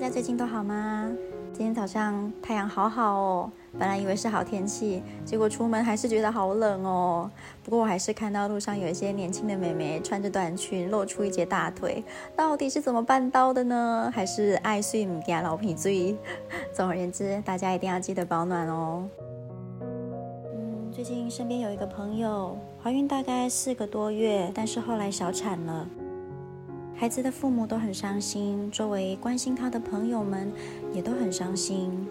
大家最近都好嗎？今天早上太陽好好哦，本來以為是好天氣，結果出門還是覺得好冷哦。不過我還是看到路上有一些年輕的妹妹穿着短裙，露出一截大腿，到底是怎麼辦到的呢？還是愛水不加老皮最？總而言之，大家一定要記得保暖哦。嗯，最近身邊有一個朋友懷孕大概四個多月，但是後來小產了。孩子的父母都很傷心，周圍關心他的朋友們也都很傷心，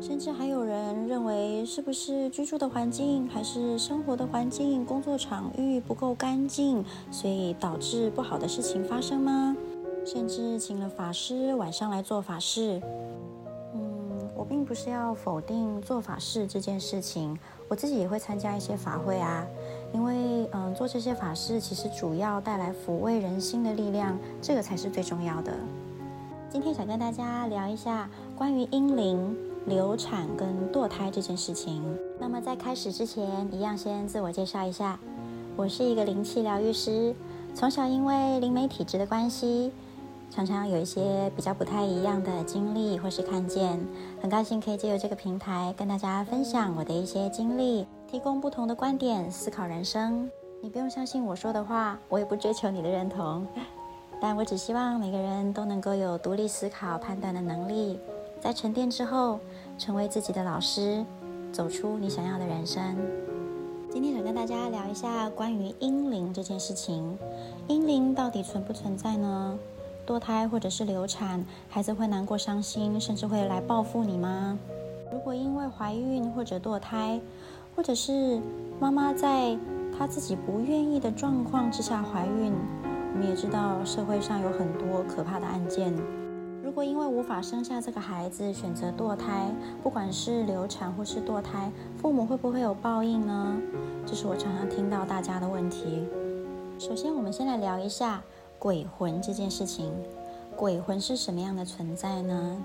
甚至還有人認為是不是居住的環境還是生活的環境、工作場域不夠乾淨，所以導致不好的事情發生嗎？甚至請了法師晚上來做法事。嗯，我並不是要否定做法事這件事情，我自己也會參加一些法會啊。因為嗯、呃，做這些法事其實主要帶來撫慰人心的力量，這個才是最重要的。今天想跟大家聊一下關於嬰靈、流產跟墮胎這件事情。那麼在開始之前，一樣先自我介紹一下，我是一個靈氣療癒師，從小因為靈媒體質的關係，常常有一些比較不太一樣的經歷或是看見。很高興可以借由這個平台跟大家分享我的一些經歷。提供不同的觀點思考人生，你不用相信我說的話，我也不追求你的認同，但我只希望每個人都能夠有獨立思考判斷的能力，在沉澱之後成為自己的老師，走出你想要的人生。今天想跟大家聊一下關於嬰靈這件事情，嬰靈到底存不存在呢？墮胎或者是流產，孩子會難過傷心，甚至會來報復你嗎？如果因為懷孕或者墮胎，或者是媽媽在她自己不願意的狀況之下懷孕，我們也知道社會上有很多可怕的案件。如果因為無法生下這個孩子選擇墮胎，不管是流產或是墮胎，父母會不會有報應呢？這是我常常聽到大家的問題。首先，我們先來聊一下鬼魂這件事情。鬼魂是什麼樣的存在呢？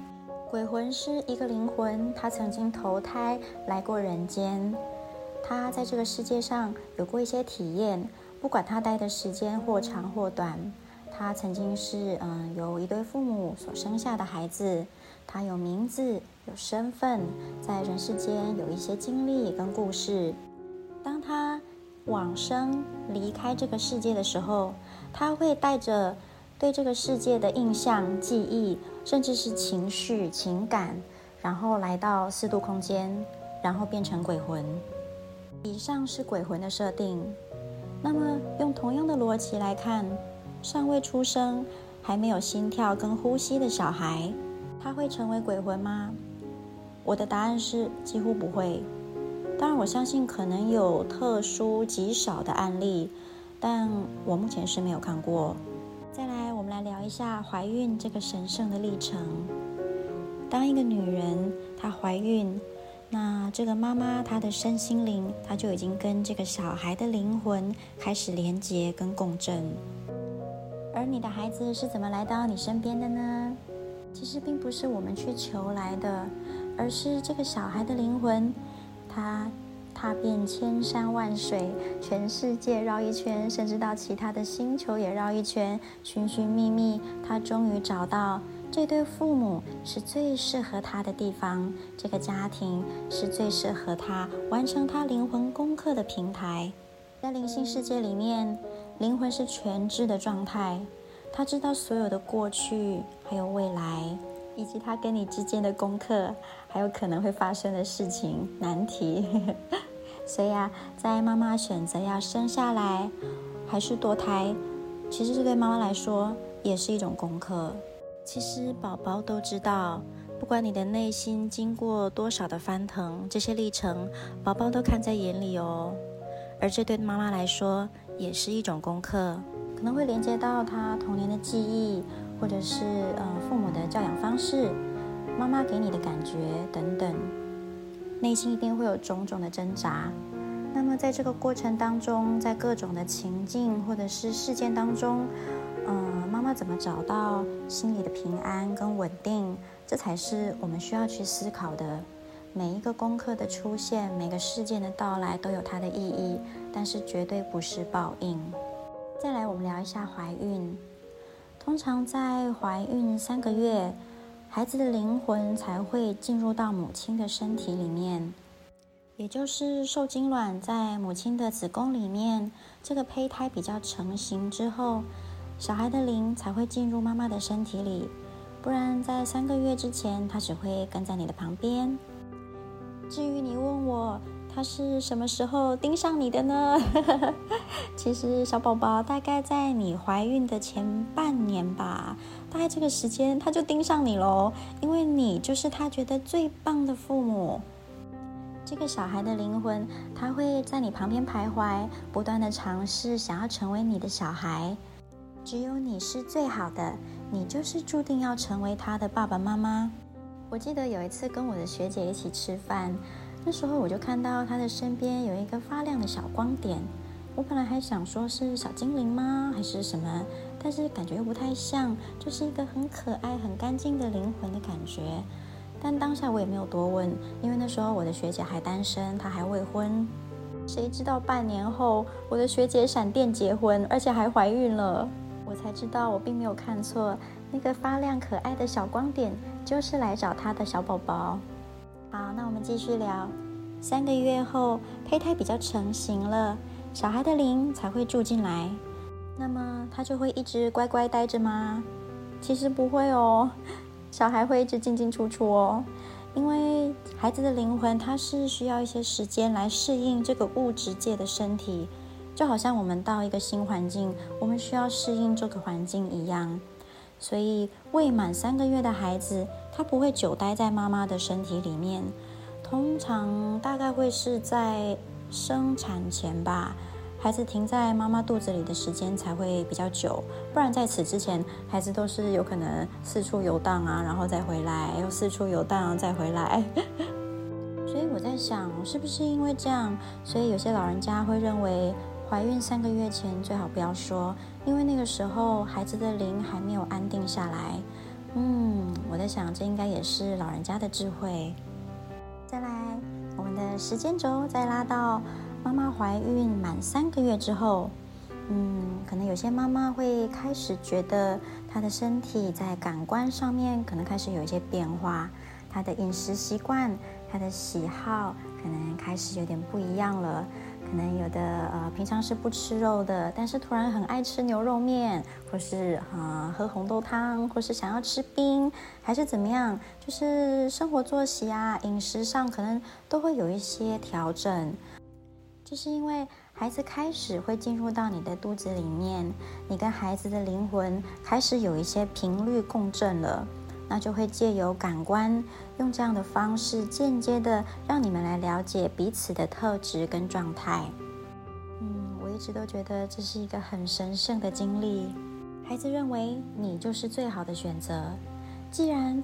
鬼魂是一個靈魂，他曾經投胎來過人間。他在這個世界上有過一些體驗，不管他待的時間或長或短，他曾經是嗯由、呃、一對父母所生下的孩子，他有名字，有身份，在人世間有一些經歷跟故事。當他往生離開這個世界的時候，他會帶着對這個世界的印象、記憶，甚至是情緒、情感，然後來到四度空間，然後變成鬼魂。以上是鬼魂的設定。那麼，用同樣的邏輯來看，尚未出生、還沒有心跳跟呼吸的小孩，他會成為鬼魂嗎？我的答案是幾乎不會。當然，我相信可能有特殊極少的案例，但我目前是沒有看過。再來，我們來聊一下懷孕這個神聖的歷程。當一個女人她懷孕，那這個媽媽，她的身心靈，她就已經跟這個小孩的靈魂開始連接跟共振。而你的孩子是怎麼來到你身邊的呢？其實並不是我們去求來的，而是這個小孩的靈魂，他踏遍千山萬水，全世界繞一圈，甚至到其他的星球也繞一圈，尋尋覓覓，他終於找到。這對父母是最適合他的地方，這個家庭是最適合他完成他靈魂功課的平台。在靈性世界裡面，靈魂是全知的狀態，他知道所有的過去，還有未來，以及他跟你之間的功課，還有可能會發生的事情難題。 所以啊，在媽媽選擇要生下來，還是墮胎，其實這對媽媽來說也是一種功課。其實寶寶都知道，不管你的內心經過多少的翻騰，這些歷程寶寶都看在眼裡哦。而這對媽媽來說也是一種功課，可能會連接到他童年的記憶，或者是呃父母的教養方式，媽媽給你的感覺等等，內心一定會有種種的掙扎。那麼在這個過程當中，在各種的情境或者是事件當中，嗯、呃。那麼怎麼找到心裡的平安跟穩定？這才是我們需要去思考的。每一個功課的出現，每個事件的到來，都有它的意義，但是絕對不是報應。再來，我們聊一下懷孕。通常在懷孕三個月，孩子的靈魂才會進入到母親的身體裡面，也就是受精卵在母親的子宮裡面，這個胚胎比較成型之後。小孩的靈才會進入媽媽的身體裡，不然在三個月之前，他只會跟在你的旁邊。至於你問我，他是什麼時候盯上你的呢？ 其實小寶寶大概在你懷孕的前半年吧，大概這個時間他就盯上你嘍，因為你就是他覺得最棒的父母。這個小孩的靈魂，他會在你旁邊徘徊，不斷地嘗試想要成為你的小孩。只有你是最好的，你就是注定要成為他的爸爸媽媽。我記得有一次跟我的學姐一起吃飯，那時候我就看到她的身邊有一個發亮的小光點。我本來還想說是小精靈嗎？還是什麼？但是感覺又不太像，就是一個很可愛、很乾淨的靈魂的感覺。但當下我也沒有多問，因為那時候我的學姐還單身，她還未婚。誰知道半年後，我的學姐閃電結婚，而且還懷孕了。我才知道我並沒有看錯，那個發亮可愛的小光點就是來找他的小寶寶。好，那我們繼續聊。三個月後，胚胎比較成型了，小孩的靈才會住進來。那麼他就會一直乖乖待着嗎？其實不會哦，小孩會一直進進出出哦，因為孩子的靈魂他是需要一些時間來適應這個物質界的身體。就好像我們到一個新環境，我們需要適應這個環境一樣。所以，未滿三個月的孩子，他不會久待在媽媽的身體裡面。通常大概會是在生產前吧，孩子停在媽媽肚子裡的時間才會比較久。不然在此之前，孩子都是有可能四處遊蕩啊，然後再回來，又四處遊蕩啊，再回來。 所以我在想，是不是因為這樣，所以有些老人家會認為，懷孕三個月前最好不要說，因為那個時候孩子的靈還沒有安定下來。嗯，我在想，這應該也是老人家的智慧。再來，我們的時間軸再拉到媽媽懷孕滿三個月之後，嗯，可能有些媽媽會開始覺得她的身體在感官上面可能開始有一些變化，她的飲食習慣、她的喜好可能開始有點不一樣了。可能有的呃，平常是不吃肉的，但是突然很愛吃牛肉麵，或是啊、呃、喝紅豆湯，或是想要吃冰，還是怎麼樣，就是生活作息啊、飲食上可能都會有一些調整。這、就是因為孩子開始會進入到你的肚子裡面，你跟孩子的靈魂開始有一些頻率共振了，那就會借由感官。用這樣的方式間接的讓你們來了解彼此的特質跟狀態。嗯，我一直都覺得這是一個很神聖的經歷。孩子認為你就是最好的選擇，既然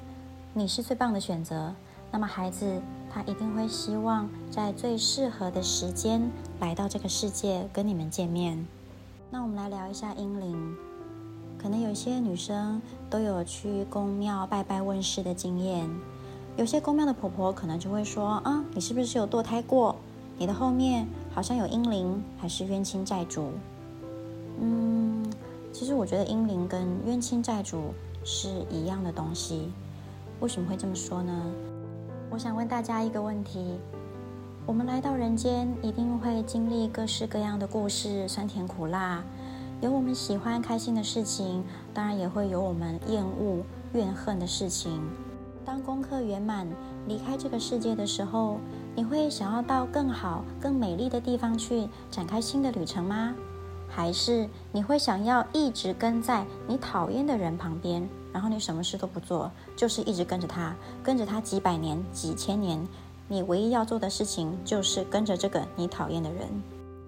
你是最棒的選擇，那麼孩子他一定會希望在最適合的時間來到這個世界跟你們見面。那我們來聊一下嬰靈，可能有一些女生都有去宮廟拜拜問事的經驗。有些宮廟的婆婆可能就會說：“啊，你是不是有墮胎過？你的後面好像有嬰靈，還是冤親債主？”嗯，其實我覺得嬰靈跟冤親債主是一樣的東西。為什麼會這麼說呢？我想問大家一個問題：我們來到人間，一定會經歷各式各樣的故事，酸甜苦辣，有我們喜歡開心的事情，當然也會有我們厭惡怨恨的事情。當功課圓滿離開這個世界的時候，你會想要到更好、更美麗的地方去展開新的旅程嗎？還是你會想要一直跟在你討厭的人旁邊，然後你什麼事都不做，就是一直跟着他，跟着他幾百年、幾千年，你唯一要做的事情就是跟着這個你討厭的人？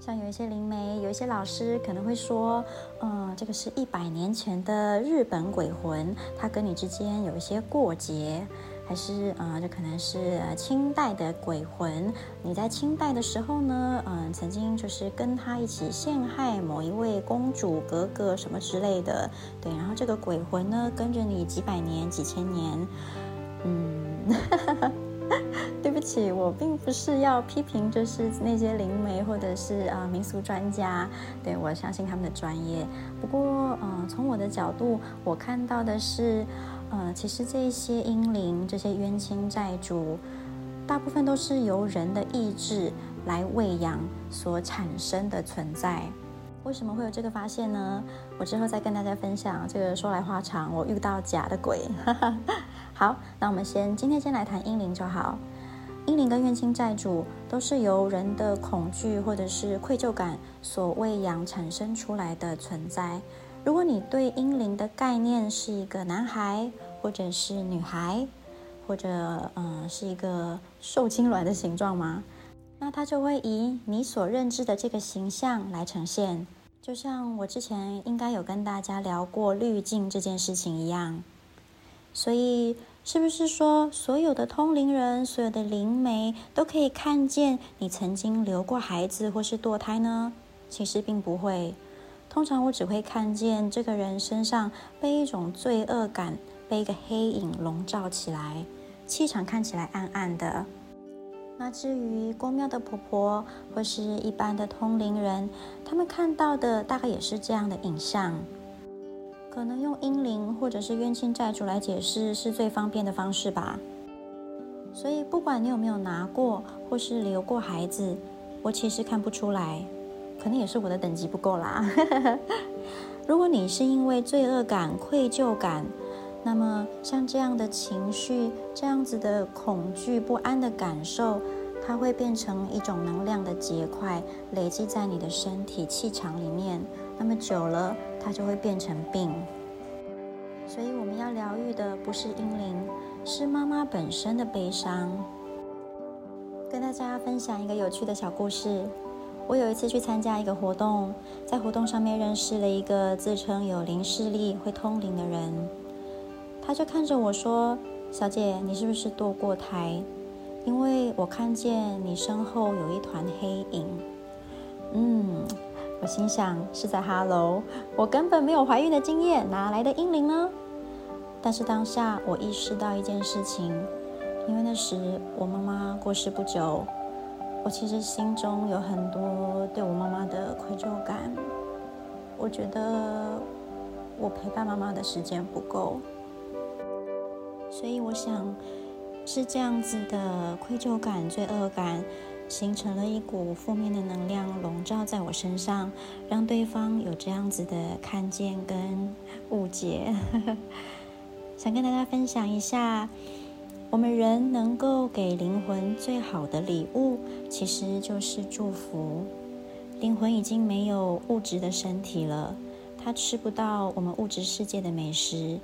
像有一些靈媒，有一些老師可能會說，嗯、呃，這個是一百年前的日本鬼魂，他跟你之間有一些過節，還是，啊、呃，這可能是清代的鬼魂，你在清代的時候呢，嗯、呃，曾經就是跟他一起陷害某一位公主、格格什麼之類的，對，然後這個鬼魂呢，跟着你幾百年、幾千年，嗯。 而且我並不是要批評，就是那些靈媒或者是呃民俗專家，對我相信他們的專業。不過，嗯、呃，從我的角度，我看到的是，嗯、呃，其實這些嬰靈，這些冤親債主，大部分都是由人的意志來餵養所產生的存在。為什麼會有這個發現呢？我之後再跟大家分享。這個說來話長，我遇到假的鬼。 好，那我們先今天先來談嬰靈就好。嬰靈跟怨親債主都是由人的恐懼或者是愧疚感所餵養產生出來的存在。如果你對嬰靈的概念是一個男孩，或者是女孩，或者嗯、呃、是一個受精卵的形狀嗎？那它就會以你所認知的這個形象來呈現。就像我之前應該有跟大家聊過濾鏡這件事情一樣，所以。是不是說所有的通靈人、所有的靈媒都可以看見你曾經流過孩子或是墮胎呢？其實並不會。通常我只會看見這個人身上被一種罪惡感、被一個黑影籠罩起來，氣場看起來暗暗的。那至於宮廟的婆婆或是一般的通靈人，他們看到的大概也是這樣的影像。可能用嬰靈或者是冤親債主來解釋是最方便的方式吧。所以不管你有沒有拿過或是留過孩子，我其實看不出來，可能也是我的等級不夠啦。 如果你是因為罪惡感、愧疚感，那麼像這樣的情緒、這樣子的恐懼、不安的感受，它會變成一種能量的結塊，累積在你的身體氣場裡面，那麼久了，它就會變成病，所以我們要療癒的不是嬰靈，是媽媽本身的悲傷。跟大家分享一個有趣的小故事。我有一次去參加一個活動，在活動上面認識了一個自稱有靈視力、會通靈的人，他就看着我說：“小姐，你是不是墮過胎？因為我看見你身後有一團黑影。”嗯。我心想是在哈嘍，我根本沒有懷孕的經驗，哪來的嬰靈呢？但是當下我意識到一件事情，因為那時我媽媽過世不久，我其實心中有很多對我媽媽的愧疚感。我覺得我陪伴媽媽的時間不夠，所以我想是這樣子的愧疚感、罪惡感。形成了一股負面的能量，籠罩在我身上，讓對方有這樣子的看見跟誤解。 想跟大家分享一下，我們人能夠給靈魂最好的禮物，其實就是祝福。靈魂已經沒有物質的身體了，它吃不到我們物質世界的美食，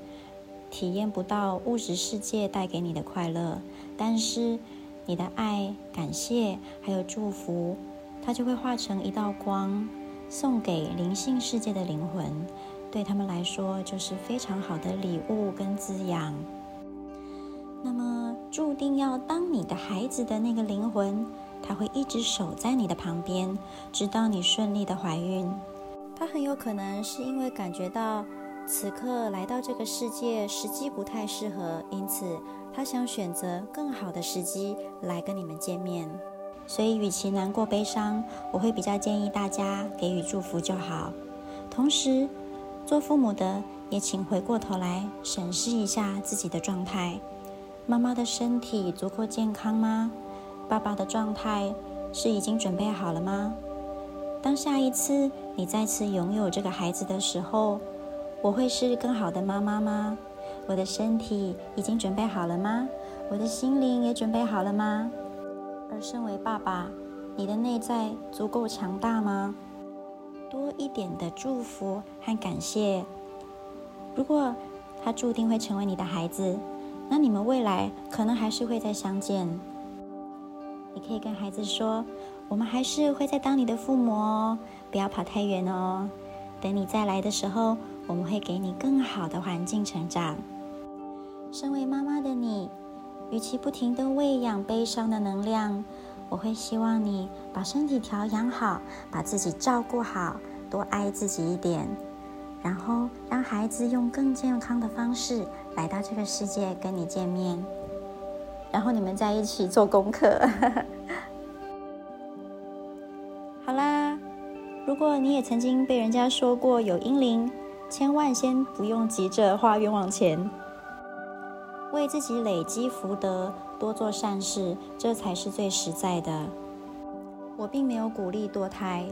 體驗不到物質世界帶給你的快樂，但是，你的愛、感謝還有祝福，它就會化成一道光，送給靈性世界的靈魂。對他們來說，就是非常好的禮物跟滋養。那麼，注定要當你的孩子的那個靈魂，他會一直守在你的旁邊，直到你順利的懷孕。他很有可能是因為感覺到。此刻來到這個世界，時機不太適合，因此他想選擇更好的時機來跟你們見面。所以，與其難過悲傷，我會比較建議大家給予祝福就好。同時，做父母的也請回過頭來審視一下自己的狀態：媽媽的身體足夠健康嗎？爸爸的狀態是已經準備好了嗎？當下一次你再次擁有這個孩子的時候。我會是更好的媽媽嗎？我的身體已經準備好了嗎？我的心靈也準備好了嗎？而身為爸爸，你的內在足夠強大嗎？多一點的祝福和感謝。如果他注定會成為你的孩子，那你們未來可能還是會再相見。你可以跟孩子說：“我們還是會再當你的父母哦，不要跑太遠哦，等你再來的時候。”我們會給你更好的環境成長。身為媽媽的你，與其不停的餵養悲傷的能量，我會希望你把身體調養好，把自己照顧好，多愛自己一點，然後讓孩子用更健康的方式來到這個世界跟你見面，然後你們再一起做功課。 好啦，如果你也曾經被人家說過有嬰靈。千萬先不用急着花冤枉錢，為自己累積福德，多做善事，這才是最實在的。我並沒有鼓勵墮胎，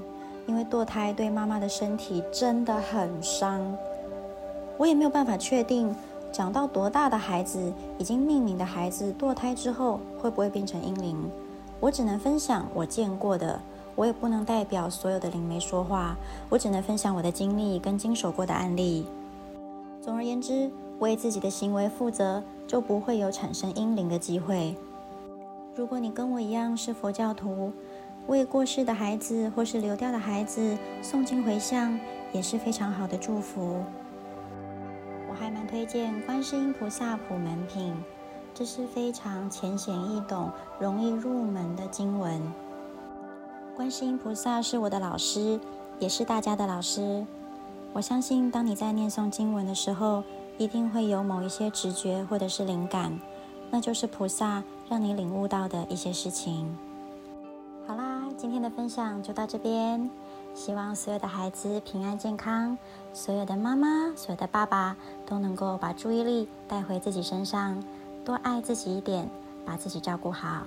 因為墮胎對媽媽的身體真的很傷。我也沒有辦法確定，長到多大的孩子、已經命名的孩子，墮胎之後會不會變成嬰靈？我只能分享我見過的。我也不能代表所有的靈媒說話，我只能分享我的經歷跟經手過的案例。總而言之，為自己的行為負責，就不會有產生嬰靈的機會。如果你跟我一樣是佛教徒，為過世的孩子或是流掉的孩子誦經回向，也是非常好的祝福。我還蠻推薦《觀世音菩薩普門品》，這是非常淺顯易懂、容易入門的經文。觀世音菩薩是我的老師，也是大家的老師。我相信，當你在念誦經文的時候，一定會有某一些直覺或者是靈感，那就是菩薩讓你領悟到的一些事情。好啦，今天的分享就到這邊。希望所有的孩子平安健康，所有的媽媽、所有的爸爸都能夠把注意力帶回自己身上，多愛自己一點，把自己照顧好。